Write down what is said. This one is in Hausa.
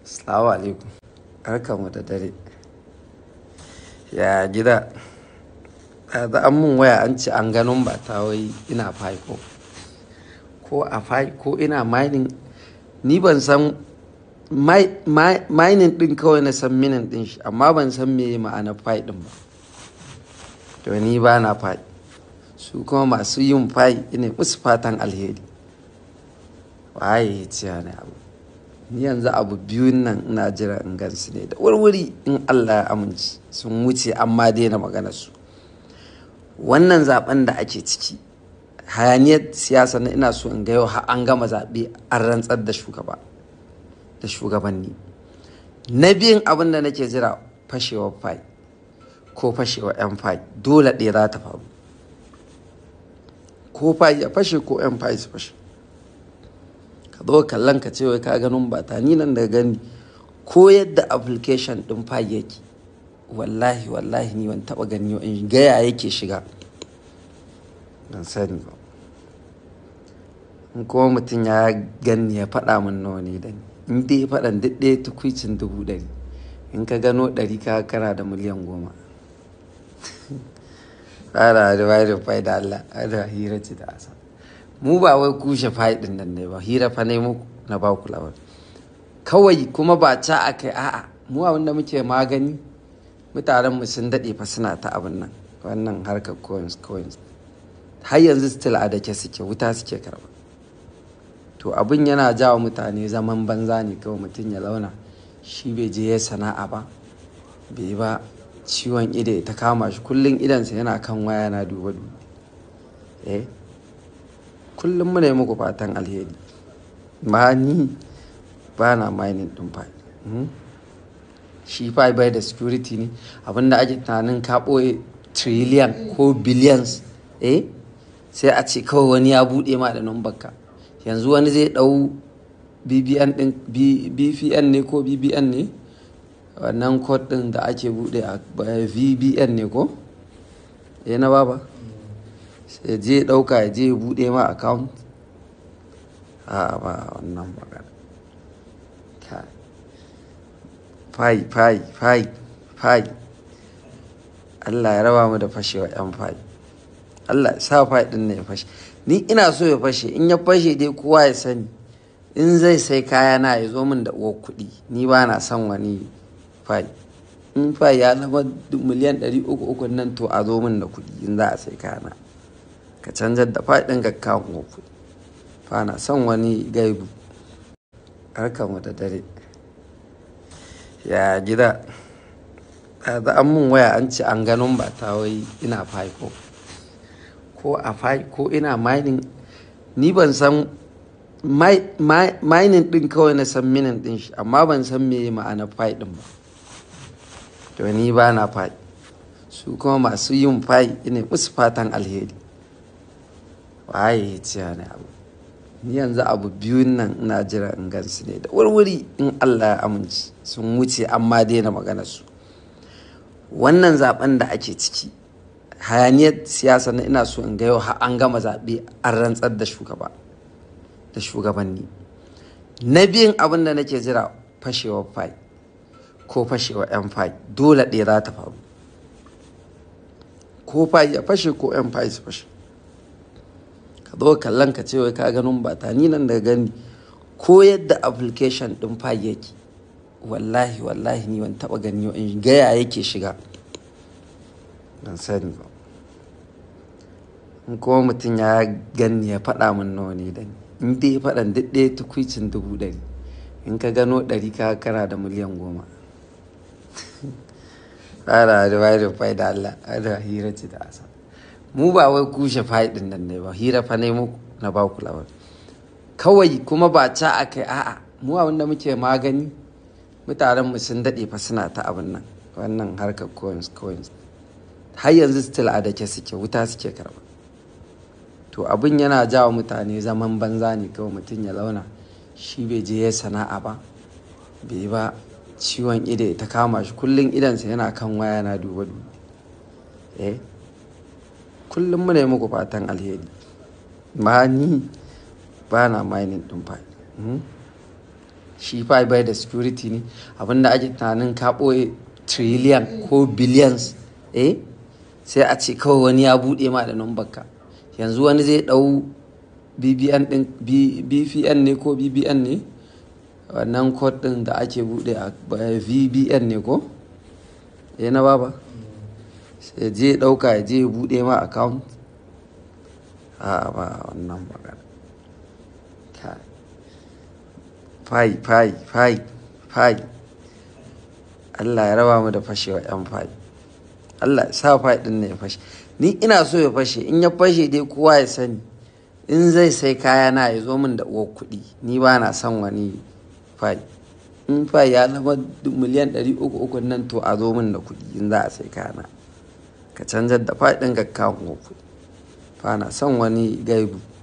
Assalamu alaikum. mu da dare. Ya gida. Da an mun waya an ce an ganin ba ta wai ina faiko. Ko a ko ina mining. Ni ban san mining din kawai na san minin din shi amma ban san me ma'ana fai din ba. To ni ba na fai. Su kuma masu yin fai ne musu fatan alheri. Waye ya ce abu. ni yanzu abu biyun nan ina jira in gansu ne da wurwuri in allah ya amince sun wuce amma daina magana su wannan zaben da ake ciki hayaniyar siyasa na ina so in ga yau an gama zaɓe an rantsar da shugaba da shugabanni na biyun abin da nake jira fashewar fai ko fashewar yan fai dole ɗaya za ta faru ko fai ya fashe ko yan fai su fashe ka zo kallon ka ce wai ka ganin ba ta ni nan da gani ko yadda application din fag yake wallahi wallahi ni ban taba gani in gaya yake shiga ban sani ba in kuma mutum ya gani ya faɗa min nawa ne da ni in dai faɗan duk ɗaya tukwicin dubu ɗari in ka gano ɗari ka kana da miliyan goma tsara da bayan da Allah da hira ce da asa mu ba wai kushe faɗin nan ne ba hira fa ne muku na ba ku labari kawai kuma ba ca a kai a'a mu abin wanda muke magani mutanen mu sun daɗe fa suna ta abin nan wannan harkar coins coins har yanzu still a dake suke wuta suke karba to abin yana jawo mutane zaman banza ne kawai mutum ya launa shi bai je ya sana'a ba bai ba ciwon ido ta kama shi kullum idansa yana kan waya na duba duba eh kullum muna yi muku fatan alheri ma ni ba na mining ɗin fa hmm? shi fa bai da security ne abinda ake tunanin ka ɓoye trillion ko billions eh sai a ce kawai wani ya buɗe ma da numbarka yanzu wani zai ɗau bbn ne ko bbn ne wannan code ɗin da ake buɗe a vbn ne ko eh na baba sai je ɗauka ya je buɗe ma account a ba wannan magana fai fai fai fai Allah ya raba mu da fashewa yan fai Allah sa fai din ne ya fashe ni ina so ya fashe in ya fashe dai kowa ya sani in zai sai kaya na ya zo min da uwar kuɗi ni ba na son wani fai in fai ya zama miliyan ɗari uku uku nan to a zo min da kuɗi in za a sai kaya na ka canjar da faɗin ga kawo fana son wani gaibu mu da dare ya gida za an mun waya an ci an ganin ba ta wai ina faiko ko a faiko ina mining ni ban san mining din kawai na san minin din shi amma ban san me ma'ana fai din ba to ni ba na fai su kuma masu yin fai ne musu fatan alheri waye ya ce abu ni yanzu abu biyun nan ina jira in gansu ne da wurwuri in Allah ya aminci sun wuce amma daina magana su wannan zaben da ake ciki hayaniyar siyasa na ina so in ga yau an gama zabe an rantsar da shugaba da shugabanni na biyun abin da nake jira fashewar fai ko fashewar yan fai dole ɗaya za ta faru ko fai ya fashe ko yan fai su fashe ka zo kallon ka ce wai ka ganin ba ta ni nan da gani ko yadda application din fa yake wallahi wallahi ni ban taba gani in gaya yake shiga ban sani ba in kuma mutum ya gani ya faɗa min nawa ne da ni in dai faɗan duk ɗaya tukwicin dubu ɗari in ka gano ɗari ka kana da miliyan goma tsara da bayan da Allah a da hira ce da asa mu ba wai kushe faɗin nan ne ba hira fa ne mu na ba ku labar kawai kuma ba ca a kai a'a mu a wanda muke magani mutanen mu sun daɗe fa suna ta abin nan wannan harkar coins coins har yanzu still a dake suke wuta suke karba to abin yana jawa mutane zaman banza ne kawai mutum ya launa shi bai je ya sana'a ba bai ba ciwon ido ta kama shi kullum idansa yana kan waya na duba duba eh kullum muna yi muku fatan alheri ma ni ba na mining ɗin fa hmm? shi fai bai da security ne abinda ake tunanin ka ɓoye trillion ko billions eh sai a ce kawai wani ya buɗe ma da numbarka yanzu wani zai ɗau bbn ɗin bpn ne ko bbn ne wannan kod ɗin da ake buɗe a vbn ne ko eh na baba sai je ya ɗauka ya je ya buɗe ma account a ba wannan magana Fai fai fai fai Allah ya raba mu da fashewa yan fai Allah sa fai din ne ya fashe ni ina so ya fashe in ya fashe dai kowa ya sani in zai sai kaya na ya zo min da uwar kuɗi ni ba na son wani fai in fai ya zama miliyan ɗari uku uku nan to a zo min da kuɗi in za a sai kaya na ka canjar da faɗin gaggawa Ba na son wani gaibu